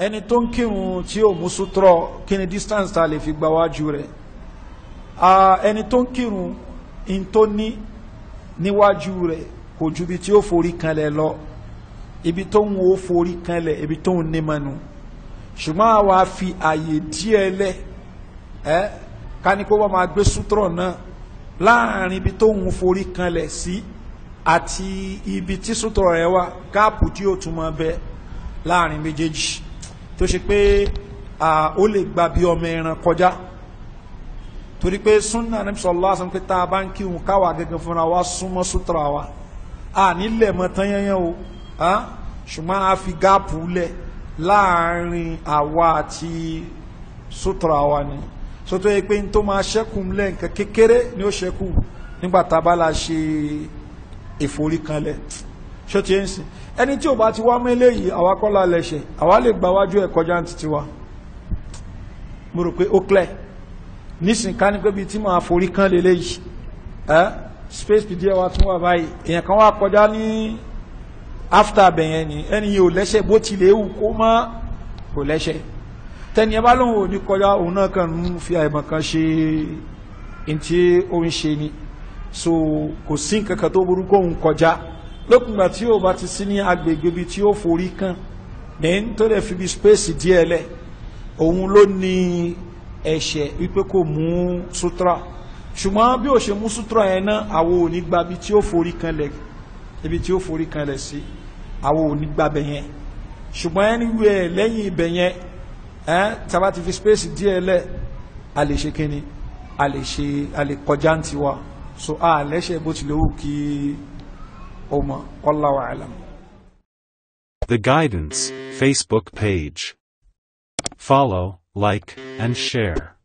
ẹni tó ń kírun tí ó mú sútúrọ̀ kí ni distance ta lè fi gba wájú rẹ̀ ẹni tó ń kírun in tó ní níwájú rẹ̀ kò ju ibi tí ó forí kanlẹ̀ lọ ibi tó ń wo forí kanlẹ̀ ibi tó ń ní mọ́nu ṣùgbọ́n àwa fi àyè díẹ̀ lẹ̀ ẹ́ ká ní kó wọ́n máa gbé sútúrọ̀ náà láàrin ibi tó ń forí kanlẹ̀ sí àti ibi tí sútúrọ̀ rẹ̀ wà gáàpù tí ó tún máa bẹ láàrin méjèèjì tó ṣe pé ó lè gba bí ọmọ ẹran kọjá torí pé sunna ní sọlá sọ pé tá a bá ń kírun káwa gẹ́gẹ́ fúnra wa súnmọ́ sútura wa a nílẹ̀ mọ́ tán yẹn o ṣùgbọ́n a fi gáàpù lẹ̀ láàárín àwa àti sútura wa ni sótó yẹ pé n tó máa ṣẹ́kù lẹ́ǹkan kékeré ni ó ṣẹ́kù nígbà tá a bá la ṣe ìforíkanlẹ̀. E ṣó ti ń sìn ẹni tí ò bá ti wá mú eléyìí àwa kọ́ la lè gba wájú ẹ̀ kọjá ní titi wa mo rò pé ó clear nísìn ká ní pé bíi tí màá forí kán leléyìí ẹ space pdf wa tún wà báyìí èèyàn kan wà kọjá ní after abẹ̀yẹn ni ẹni yìí ò lẹ́ṣẹ̀ bó tilẹ̀ ewu kó mọ́ kò lẹ́ṣẹ̀ tẹni ẹ bá lóun ò ní kọjá òun náà kàn ń fi àìmọ̀ kan ṣe ní tí ó ń ṣe ni so kò sí nǹkan kan tó burú kóun kọjá lókùngbà tí ó bá ti sí ní agbègbè bí tí ó forí kan ní tó lè fi bí spéèsì díẹ̀ lẹ̀ òun ló ní ẹ̀ṣẹ̀ wípé kò mú sutura ṣùgbọ́n bí ó ṣe mú sutura yẹn náà àwo ò ní gba ibi tí ó forí kan lẹ̀ ibi tí ó forí kan lẹ̀ sí àwo ò ní gba bẹ̀ yẹn ṣùgbọ́n ẹni wí ẹ̀ lẹ́yìn yẹn ẹ́ tàbá ti fi spéèsì díẹ̀ lẹ̀ a lè ṣe kíni a lè ṣe a lè kọjá ń so a lẹ́ṣẹ̀ bó tilẹ̀ wù kí. The Guidance Facebook page. Follow, like, and share.